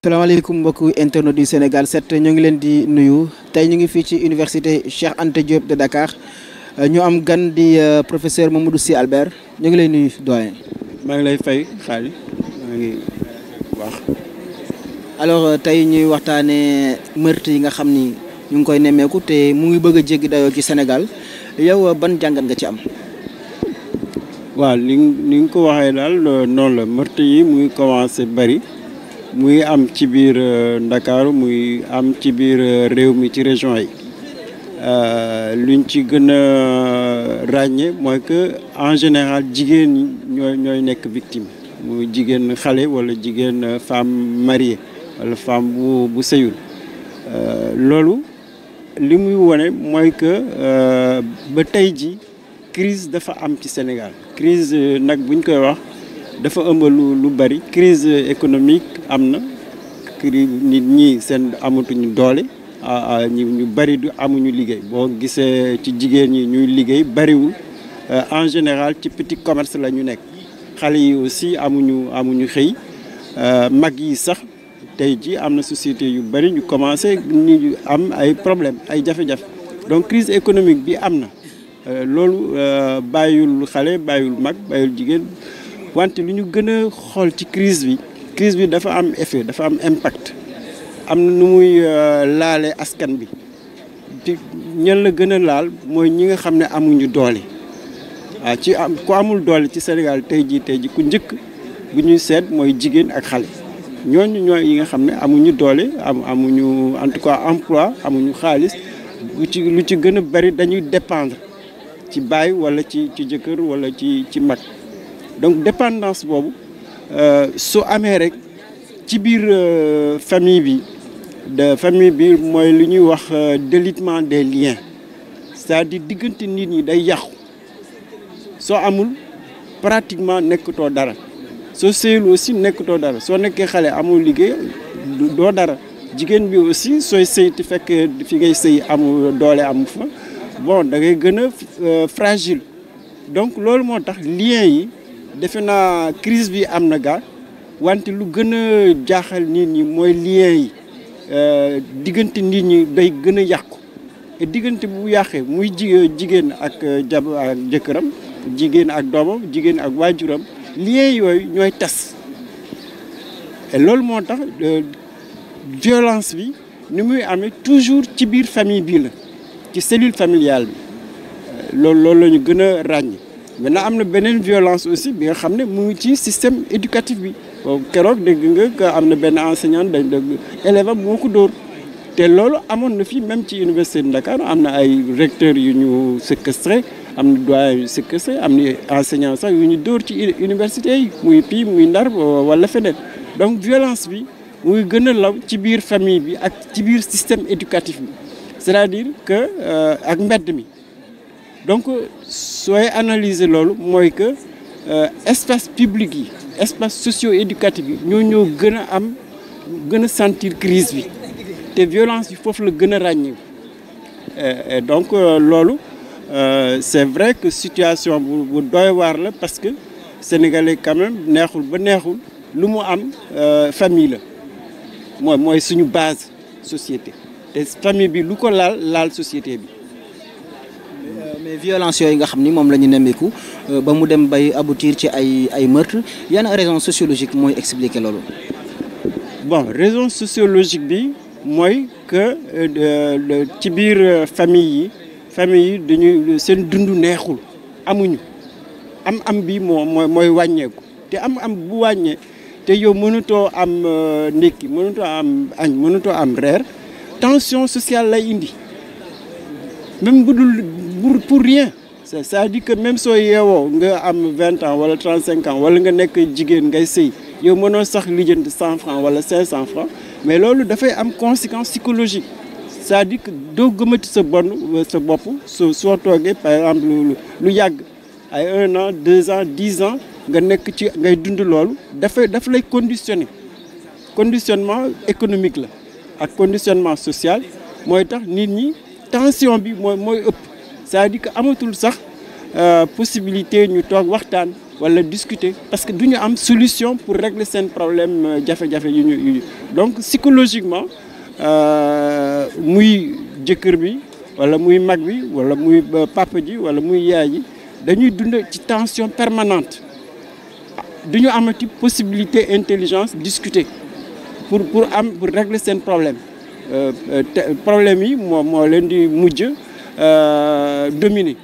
salaamaaleykum mbokku internet du Sénégal 7 ñoo ngi leen di nuyu tey ñu ngi fii ci université Cheikh Anta Diop de Dakar ñu am gan di euh, professeur Mamadou Sy Albert ñu ngi lay nuyu doyen. maa ngi lay fay alors euh, tey ñuy waxtaanee meurtre yi nga xam ni ñu ngi koy nemmeeku te mu ngi bëgg a jéggi dayoo ci Sénégal yow euh, ban jàngat nga ci am. waaw li ni nga ko waxee daal euh, noonu la meurtre yi mu ngi commencé bari muy am ci biir Ndakaaru muy am ci biir réew mi ci région yi luñ ci gën a ràññee mooy que en général jigéen ñi ñooy nekk victime muy jigéen xale wala jigéen femme mariée wala femme bu bu sëyul euh, loolu li muy wone mooy que euh, ba tey ji crise dafa am ci Sénégal crise euh, nag buñ koy wax dafa ëmb lu lu bari crise économique am na crise nit ñi seen amatuñu doole ñu ñu bari du amuñu liggéey boo gisee ci jigéen ñi ñuy liggéey bariwul en général ci petit commerce la ñu nekk xale yi aussi amuñu amuñu xëy mag yi sax tey ji am na société yu bëri ñu commencé ñu am ay problème ay jafe-jafe donc crise économique bi am na euh, loolu euh, bàyyiwul xale bàyyul mag bàyyul jigéen wante lu ñu gën a xool ci crise bi crise bi dafa am effet dafa am impact am na nu muy euh, laale askan bi ci ñan la gën a laal mooy ñi nga xam ne amuñu doole waaw ci am ku amul doole ci Sénégal tey jii tey jii ku njëkk bu ñuy seet mooy jigéen ak xale ñooñu ñooy yi nga xam ne amuñu doole am amuñu en tout cas emploi amuñu xaalis lu ci lu ci gën a bari dañuy dépendre ci baay wala ci ci jëkkër wala ci ci mag donc dépendance boobu euh, su amee rek ci biir euh, famille bi de famille bi mooy lu ñuy wax euh, délitement des liens cest di diggante nit ñi day yàqu soo amul pratiquement nekkatoo dara soo sëyul aussi nekkatoo dara soo nekkee xale amoo liggéey doo dara jigéen bi aussi sooy sëy ti fekk fi ngay sëy amu doole amu fa bon da ngay gën a euh, fragile donc loolu moo tax lien yi defe naa kris bi am na gaa wante lu gën a jaaxal nit ñi mooy lien yi euh, diggante nit ñi day gën a yàqu diggante bu yàqee muy jigéen ak euh, jab ak jëkkëram jigéen ak doomam jigéen ak waajuram liens yooyu ñooy tas et loolu moo tax euh, violence bi ni muy amee toujours ci biir famille bii la ci cellule familiale bi euh, loolu loolu la ñu gën a ràññ maintenant am na beneen violence aussi bi nga xam ne mu ngi ci système éducatif bi boobu keroog dégg nga que am na benn enseignant dañ dégg élève am moo ko dóor te loolu amoon na fii même ci université de Dakar am na ay recteurs yu ñu séquestré am na doyen si kese am na enseignant sax yu ñu dóor ci université yi muy pii muy ndar wala feneen donc violence bi muy gën a law ci biir famille bi ak ci biir système éducatif bi c'est-à-dire que euh, ak mbedd mi donc sooy analyser loolu mooy que euh, espace public yi espace socio-éducatif yi ñoo ñoo gën a am gën a sentir crise bi te violence bi foofu la gën a ràññee euh, donc loolu Euh, c'est vrai que situation bu bu doy waar la parce que sénégalais quand neexul ba neexul lu mu am euh, famille la mooy mooy suñu base société te famille bi lu ko laal laal société bi. Euh, mais violence yooyu nga xam ni moom la ñu nemmeeku ba mu dem bay aboutir ci ay ay meurtre yan raison sociologique mooy expliquer loolu. bon raison sociologique bi mooy que ci biir famille yi. famille yi dañuy seen dund neexul amuñu am am bi moo mooy mooy wàññeeku te am am bu wàññee te yow mënutoo am euh, ndékki mënutoo am añ mënutoo am reer tension sociale lay indi même bu dul pour pour rien c'est-à-dire que même soo yeewoo nga am vingt ans wala trente cinq ans wala nga nekk jigéen ngay sëy yow mënoo sax lijjanti cent francs wala cinq cent francs mais loolu dafay am conséquence psychologique c'est-à-dire doo gëmati sa bon euh, sa bopp soo soo toogee par exemple lu yàgg ay un an deux ans dix ans nga nekk ci ngay dund loolu dafay daf lay conditionné conditionnement économique la ak conditionnement social mooy tax nit ñi tension bi mooy mooy ëpp cest di dire que amatul sax euh, possibilité ñu toog waxtaan wala discuter parce que du ñu am solution pour régler seen problème euh, jafe-jafe yu ñu donc psychologiquement Euh, muy jëkkër bi wala muy mag bi wala muy euh, papa ji wala muy yaay ji dañuy dund ci tension permanente duñu amati possibilité intelligence discuter pour pour am pour régler seen problème euh, problème yi moo moo leen di mujj dominer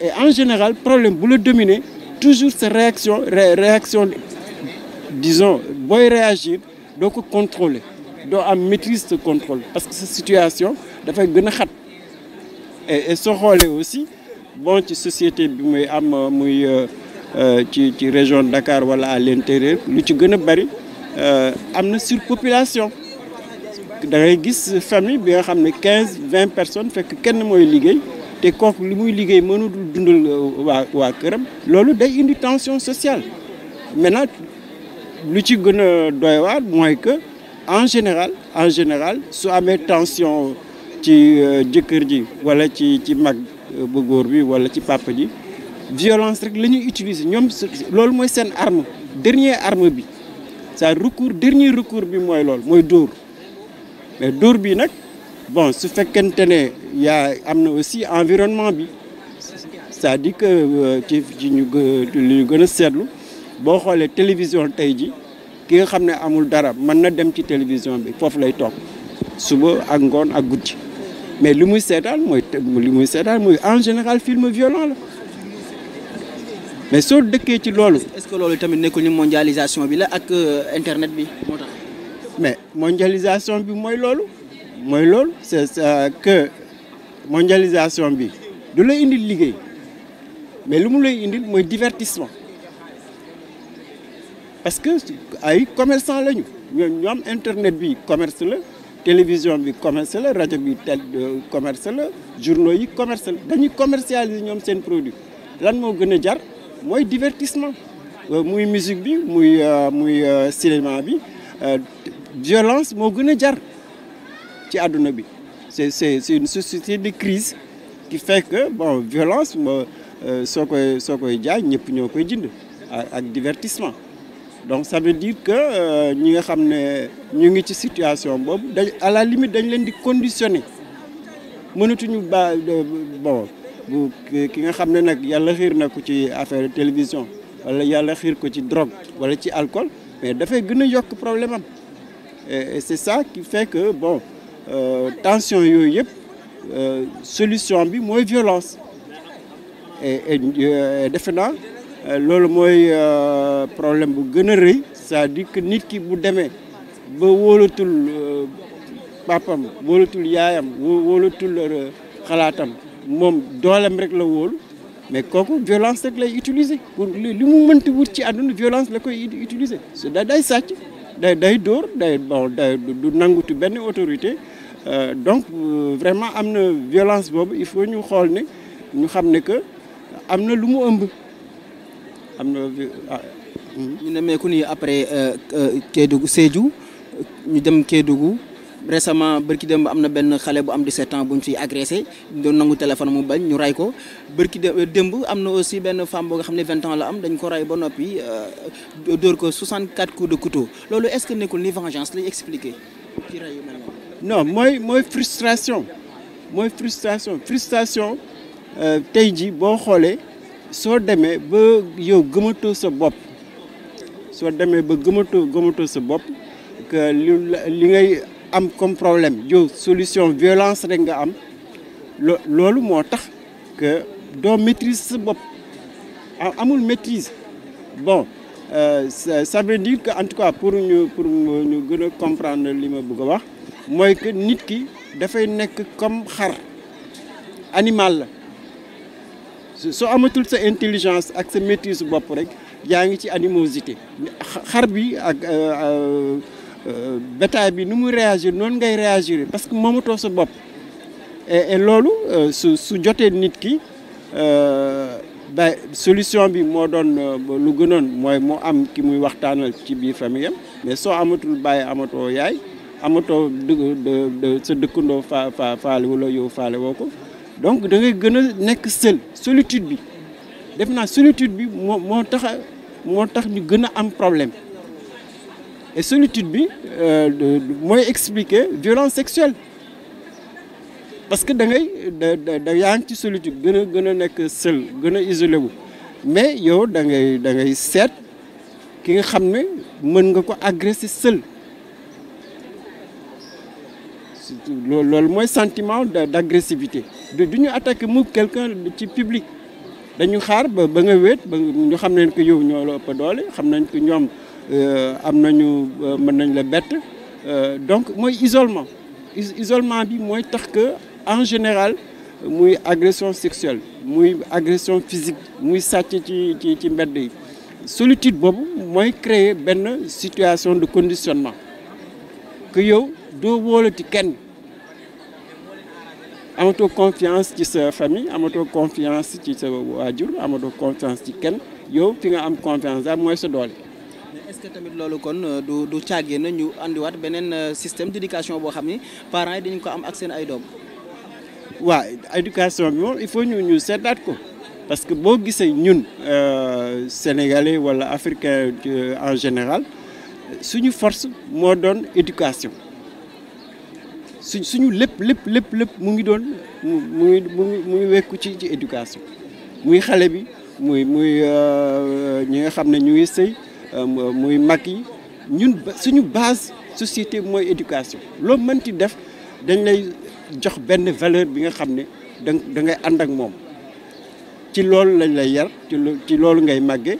et en général problème bu la dominer toujours sa réaction réaction disons booy réagir doo ko contrôler doo am maîtrise de contrôle parce que sa situation dafay gën a xat et soo xoolee aussi bon ci société bi muy am euh, muy euh, euh, ci ci région de Dakar wala à l'intérieur lu ci gën a bari am na surpopulation da ngay gis famille bi nga xam ne quinze vingt personnes fekk kenn mooy liggéey te kooku li muy liggéey mënul dundul waa waa këram loolu day indi tension sociale maintenant lu ci gën a doy waar mooy que en général en général su amee tension ci euh, jëkkër ji wala ci ci mag euh, bu góor bi wala ci papa ji violence rek la ñuy utiliser ñoom loolu mooy seen arme dernier arme bi sa recours dernier recours bi mooy loolu mooy dóor mais dóor bi nag bon su fekkente ne yaa am na aussi environnement bi c'est-à-dire euh, ci ci ñu li ñu gën a seetlu boo xoolee télévision tey ji ki nga xam ne amul dara mën na dem ci télévision bi foofu lay toog suba ak ngoon ak guddi mais li muy seetaan mooy li muy seetaan mooy en général film violent la mais soo dëkkee ci loolu. est-ce que loolu tamit nekkuñu ni mondialisation bi la ak euh, internet bi moo mais mondialisation bi mooy loolu mooy loolu c'est que mondialisation bi du la indil liggéey mais lu mu lay indil mooy divertissement. parce que ay commerçant lañu ñoom internet bi commerce la télévision bi commerce la rajo bi tel euh, commerce la journaux yi commerce la dañuy commercialiser ñoom seen produit lan moo gën a jar mooy divertissement euh, muy musique bi muy euh, muy cinéma bi violence moo gën a jar ci àdduna bi c'est c'est une société de crise qui fait que bon violence soo koy soo koy jaay ñëpp ñoo koy jënd ak divertissement donc ça veut dire que euh, ñi nga xam ne ñu ngi ci situation boobu dañ à la limite dañ leen di conditionné mënatuñu ba bon ki nga xam ne nag yàlla xiir na ko ci affaire télévision wala yàlla xiir ko ci drogue wala ci alcool mais dafay gën a yokk problème am e c'est ça qui fait que bon euh, tension yooyu yëpp euh, solution bi mooy violence et euh, defe naa Euh, loolu mooy euh, problème bu gën a rëy c'est-à-dire nit ki bu demee ba wóolatul euh, papam wóolatul yaayam wóolatul xalaatam moom doolem rek la wóolu mais kooku violence rek lay utiliser pour li mu mënti wut ci àdduna violence la koy utiliser su da day sàcc day day dóor day bon day du nangutu benn autorité donc vraiment am na violence boobu il faut ñu xool ne ñu xam ne que am na lu mu ëmb am na ah. hmm? ñu nemmeeku nii après euh, euh, Kédougou Sédhiou ñu dem Kédougou récemment bërki dem am na benn xale bu am 17 ans bu ñu ci agressé doon nangu téléphone mu bañ ñu ray ko bërki démb am na aussi benn femme boo nga xam ne 20 ans la am dañ ko ray ba noppi euh, dóor ko 64 coups de couteau loolu est-ce que nekkul ni vengeance lay expliquer ci ray yu mel non mooy mooy frustration mooy frustration frustration tey ji boo xoolee soo demee ba yow gëmatoo sa bopp soo demee ba gëmatoo gëmatoo sa bopp que li ngay am comme problème yow solution violence rek nga am loolu moo tax que doo maîtrise sa bopp ah, amul maîtrise bon euh, ça, ça veut que en tout cas pour ñu pour ñu gën a comprendre li ma bugg wax mooy que nit ki dafay nekk comme xar animal la soo amatul sa intelligence ak sa maîtrise bopp rek yaa ngi ci animosité xar bi ak euh, euh, euh, bétail bi nu mu réagir noonu ngay réagir parce que moomatoo sa bopp et loolu su su jotee nit ki ba solution bi moo doon lu gënoon mooy mu am ki muy waxtaanal ci biir famille am mais soo amatul bàyyi amatoo yaay amatoo dë sa dëkkandoo fa faale wala yow faale woo ko donc da ngay gën a nekk seul solitude bi def naa solitude bi moo moo tax moo tax ñu gën a am problème et solitude bi euh, mooy expliquer violence sexuelle parce que da ngay da da yaa ngi ci solitude gën a gën a nekk seul gën a isolé wu mais yow da ngay da ngay seet ki nga xam ne mën nga ko agresser seul loolu mooy sentiment d'agressivité du ñu attaqué mu quelqu'un ci public dañu xaar ba ba nga wéet ba ñu xam nañ ko yow ñoo la ëpp doole xam nañ ko ñoom euh, am nañu euh, mën nañ la bett euh, donc mooy isolement isolement bi mooy tax que en général muy agression sexuelle muy agression physique muy sàcc ci ci ci mbedd yi solitude boobu mooy créer benn situation de conditionnement que yow doo wóolati kenn amatoo confiance ci sa famille amatoo confiance ci sa waajur amatoo confiance ci kenn yow fi nga am confiance daal mooy sa doole. est que tamit loolu kon euh, du du càggee na ñu beneen euh, système d'éducation boo xam ni parent yi dañu ko am ak seen ay doom. waaw éducation bi moom il faut ñu ñu seetaat ko parce que boo gisee ñun euh, sénégalais wala africain en général suñu force moo doon éducation. suñ suñu lépp lépp lépp lépp mu ngi doon mu ngi mu ngi mu wekku ci ci éducation muy xale bi muy muy euh, ñi nga xam ne ñu ngi sëy euh, muy mag yi ñun suñu base société mooy éducation loo mënti def dañ lay jox benn valeur bi nga xam ne da da ngay ànd ak moom ci loolu lañ lay yar ci ci loolu ngay màggee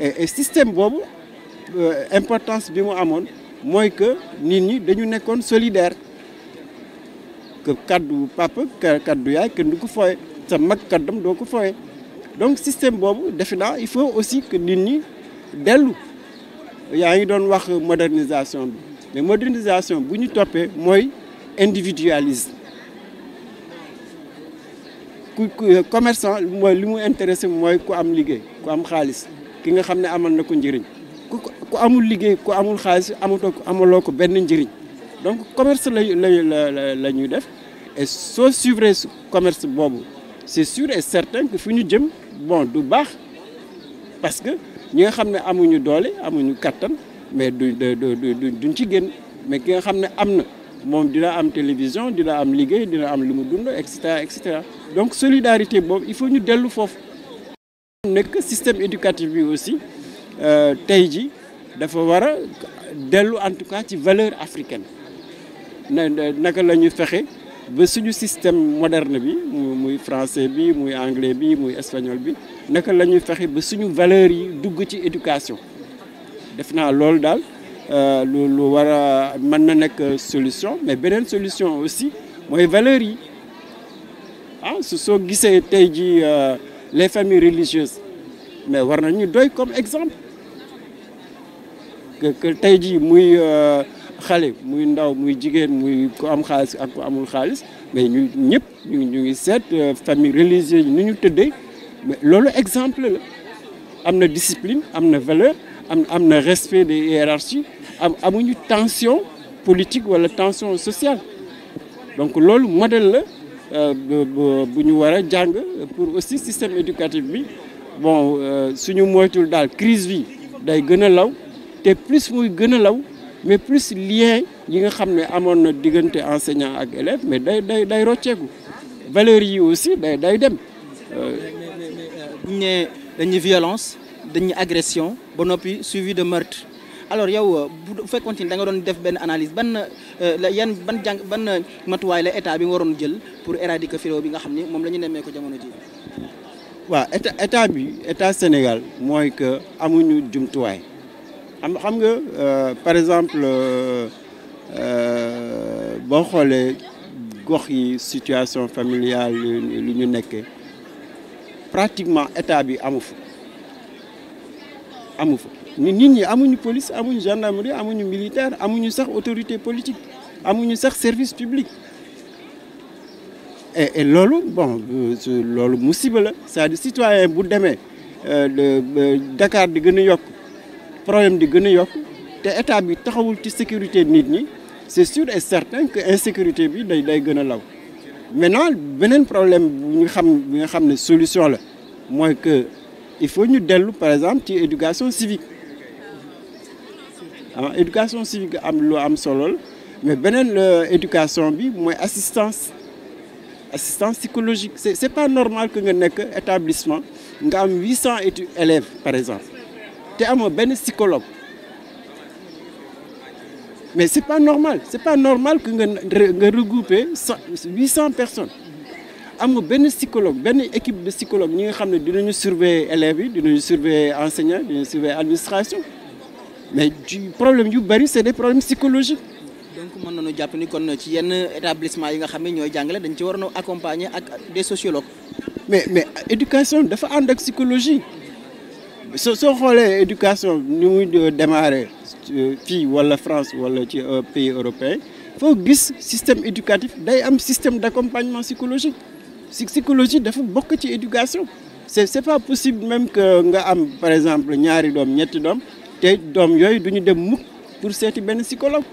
e système boobu euh, importance bi mu amoon mooy que nit ñi dañu nekkoon solidaire kaddu papa kaddu yaay kenn du ko fooye sa mag kaddam doo ko fooye donc système boobu defe naa il aussi que nit ñi dellu yaa ngi doon wax modernisation bi mais bu ñu toppee mooy individualisme ku commerçant mooy li mu intéressé mooy ku am liggéey ku am xaalis ki nga xam ne amal na ko njëriñ ku amul liggéey ku amul xaalis amatoo amaloo ko benn njëriñ donc commerce la ñuy def et soo suivre commerce boobu c'est sure et certain que fu ñu jëm bon du baax parce que ñi nga xam ne amuñu doole amuñu kattan mais du duñ ci génn mais ki nga xam ne am na moom dina am télévision dina am liggéey dina am lu mu dund et cetera et cetera donc solidarité boobu il faut ñu dellu foofu. nekk système éducatif bi aussi euh, tey ji dafa war a dellu en tout cas ci valeur africaine na naka la ñu fexe. ba suñu système moderne bi muy français bi muy anglais bi muy espagnol bi naka la ñuy fexe ba suñu valeurs yi dugg ci éducation def naa lool daal euh, lu lu war a mën na nekk solution mais beneen solution aussi mooy valeurs yi ah su soo gisee tey ji euh, les familles religieuses mais war nañu doy comme exemple tey ji muy euh, xale muy ndaw muy jigéen muy ku am xaalis ak amul xaalis mais ñu ñëpp ñu ngi seet euh, famille religieuse yi ni ñu tëddee loolu exemple la am na discipline am na valeur am am na respect des hiérarchies am amuñu tension politique wala tension sociale donc loolu modèle la euh, bu ñu war a jàng pour aussi système éducatif bi bon euh, suñu moytul daal crise bi day gën a law te plus muy gën a law mais plus lien yi nga xam ne amoon na diggante enseignant ak élève mais day day day rocceeku valeur yi aussi day day dem. Euh, euh, bu ñu nee dañuy violence dañuy agression ba noppi suivi de meurtre alors yow euh, bu fekkoonte ni da nga doon def benn analyse ban la yan ban jàng ban matuwaay la état bi nga waroon jël pour éradiquer fléau bi nga xam ni moom la ñu nemmee ko jamono jii waaw état état bi état Sénégal mooy que amuñu jumtuwaay. xam xam nga euh, par exemple euh, euh, boo xoolee gox yi situation familiale lu ñu nekkee pratiquement état bi amu fa amu fa nit ñi amuñu police amuñu gendarmerie amuñu militaire amuñu sax autorité politique amuñu sax service public et et loolu bon loolu musiba la c'est-à-dire bu demee Dakar di gën a yokk problème di gën a yokk te état bi taxawul ci sécurité nit ñi c'est sur et certain que insécurité bi day day gën a law maintenant beneen problème bu ñu xam bi nga xam ne solution la mooy que il faut ñu dellu par exemple ci éducation civique ah éducation civique am lu am solo mais beneen euh, éducation bi mooy assistance assistance psychologique c'est c'est pas normal que nga nekk établissement nga am huit cents élèves par exemple te amoo benn psychologue mais c'est pas normal c'est pas normal que nga nga regrouper huit cent personnes amul benn psychologue benn équipe de psychologue ñi nga xam ne ñu surveiller élèves yi dinañu surveiller enseignants dinañu surveiller administration mais problème yu bari c'est des problèmes psychologiques. donc mën nu jàpp ni kon ci yenn établissement yi nga xam ne ñooy jàngale dañ ci war waroon accompagner ak des sociologues. mais éducation dafa ànd ak psychologie. soo soo xoolee éducation ni muy démarrer euh, fii wala France wala ci euh, pays européen foo gis système éducatif day am système d'accompagnement psychologique psychologie dafa bokk ci éducation c'est c'est pas possible même que nga am par exemple ñaari doom ñetti doom te doom yooyu du ñu dem mukk pour seeti benn psychologue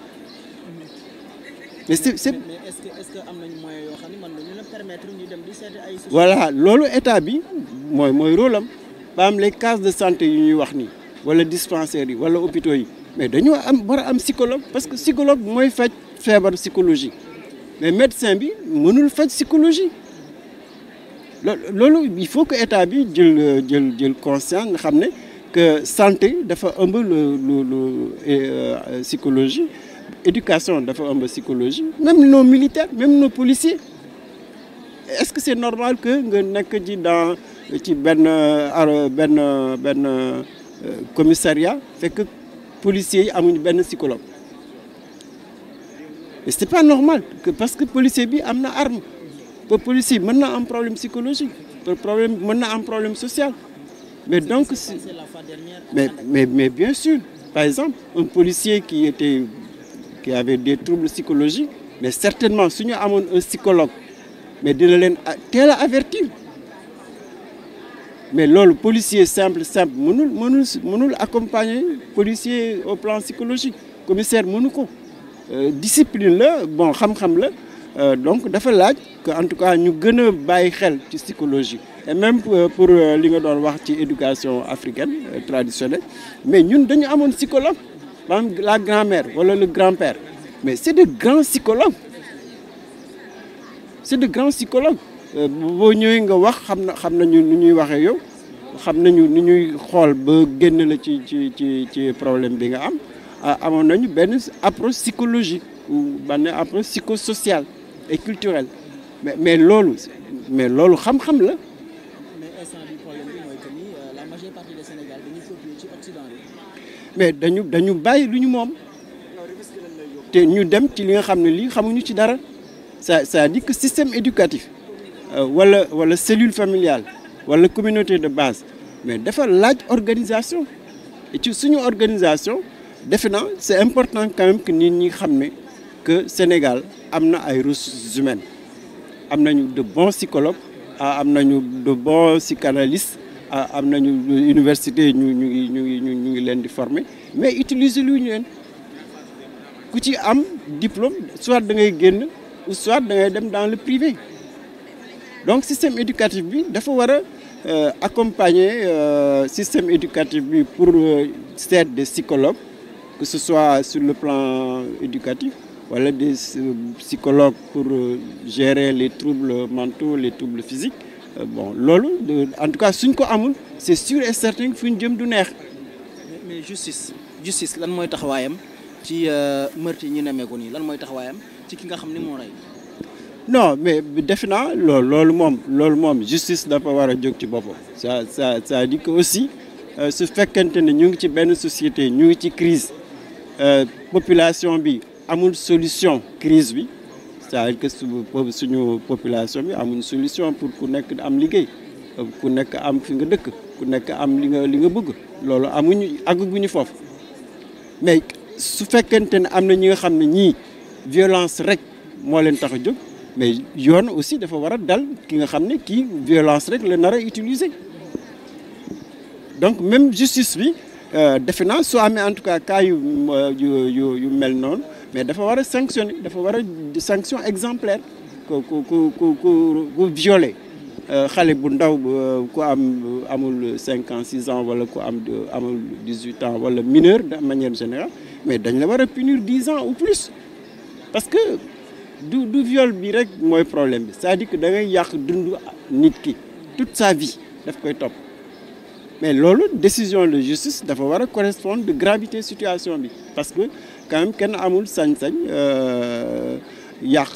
mais c'est c'est voilà loolu état bi mooy mooy rôle am ba am les cases de santé yi ñuy wax ni wala dispensaires yi wala hôpitaux yi mais dañoo am war am psychologue parce que psychologue mooy faj feebar psychologie mais médecin bi mënul faj psychologie loolu il faut que état bi jël jël jël conscience nga xam ne que santé dafa ëmb lu lu lu euh, psychologie éducation dafa ëmb psychologie même nos militaires même nos policiers est-ce que c'est normal que nga nekk ji dans ci benn benn benn euh, commissariat fekk policiers yi amuñu benn psychologue et c'est pas normal parce que policier bi am na arme policier mën na am problème psychologique pour problème mën na am problème social mais donc mais mais mais bien sûr par exemple un policier qui était avait des troubles psychologiques mais certainement su ñu amoon un psychologue mais dina leen teel a avertir mais loolu policier simple simple mënul mënul mënul accompagner policier au plan psychologique commissaire mënu ko euh, discipline la bon xam-xam la euh, donc dafa laaj que en tout cas ñu gën a bàyyi xel ci psychologie et même euh, pour li nga doon wax ci éducation africaine traditionnelle mais ñun dañu amoon psychologue maanaam la grand-mère wala le grand-père mais c'est de grands psychologues c'est de grands psychologues Euh, boo ñëwee nga wax xam na xam nañu nu ñuy waxee yow xam nañu nu ñuy xool ba génn la ci ci ci ci problème bi nga am amoon nañu benn approche psychologique ou benn approche psychosociale et culturelle mais mais loolu mais loolu xam-xam la. mais euh, dañu dañu bàyyi lu ñu moom te ñu dem ci li nga xam ne lii xamuñu ci dara cest sa dire système éducatif Euh, wala wala cellule familiale wala communauté de base mais dafa laaj organisation et ci suñu organisation defe naa c'est important quand même nit ñi xam ne que Sénégal am na ay ressources humaines am nañu de bons psychologues ah, am nañu de bons psychanalystes ah, am nañu université ñu ñu ngi ñu ngi ñu ngi leen di former mais utiliser lu ñu leen ku ci am diplôme soit da ngay génn soit da ngay dem dans le privé donc système éducatif bi dafa war a euh, accompagner euh, système éducatif bi pour euh, seet des psychologues que ce soit sur le plan éducatif wala des psychologues pour gérer les troubles mentaux les troubles physiques bon loolu en tout cas suñ ko amul c'est sûr et certain fu ñu jëm du neex. mais justice justice lan mooy taxawaayam ci meurtre yi ñu nemmeeku nii lan mooy taxawaayam ci ki nga xam ni moo rey. non mais defe naa loolu moom loolu moom justice dafa war a jóg ci boppam ça ça ça dit que aussi euh, su fekkente ne ñu ngi ci benn société ñu ngi ci crise euh, population bi amul solution crise bi c'est-à-dire que suñu population bi amul solution pour ku nekk am liggéey ku nekk am fi nga dëkk ku nekk am li nga li nga bëgg loolu amuñu àgguñu foofu mais su fekkente ne am na ñi nga xam ne ñii violence rek moo leen tax a jóg mais yoon aussi dafa war a dal ki nga xam ne kii violence rek la nar a utiliser donc même justice bi euh, defe naa soo amee en tout cas cas yu yu yu mel noon mais dafa war a sanctionner dafa war a sanction exemplaire ku ku ku ku ku violer euh, xale bu ndaw euh, ku am amul cinq ans six ans wala ku am amul dix-huit ans wala mineur de manière générale mais dañ la war a punir dix ans ou plus parce que du du viole bi rek mooy problème bi saa à que da ngay yàq dundu nit ki toute sa vie daf koy topp mais loolu décision de justice dafa war a correspondre de gravité situation bi parce que quand kenn amul sañ-sañ euh, yàq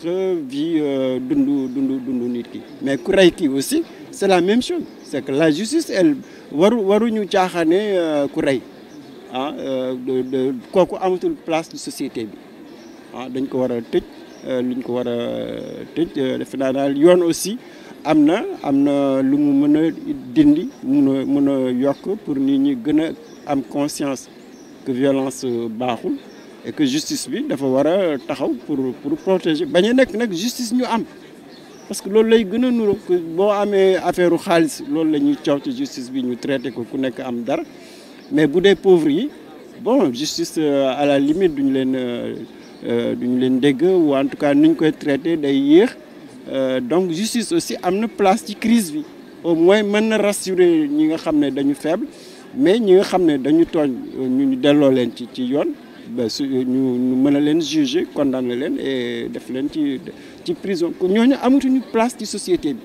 vie euh, dund dundu dundu nit ki mais ku rey kii aussi c'est la même chose c'est que la justice elle waruñu caaxaane euh, ku rey ah de kooku amatul place de société bi ah dañ ko war a tëj Euh, lu ñu ko war a euh, tëj euh, defe naa daal yoon aussi am na am na lu mu mën a dindi mun a mën a yokk pour nit ñu gën a am conscience que violence baaxul et que justice bi dafa war a taxaw pour pour protéger bañ a nekk nag justice ñu am parce que loolu lay gën a nuroo boo amee affaire xaalis loolu la ñuy coow ci justice bi ñu traité ko ku nekk am dara mais bu dee pauvre yi bon justice à la limite duñu leen Euh, duñu leen dégg ou en tout cas nuñ koy traité day yéex euh, donc justice aussi am na place ci crise bi au moins mën na rassurer ñi nga xam ne dañu faible mais ñi nga xam ne dañu tooñ ñu delloo leen ci ci yoon ba su ñu mën a leen juger condamné leen et def leen ci ci prison ñooñu amatuñu place ci société bi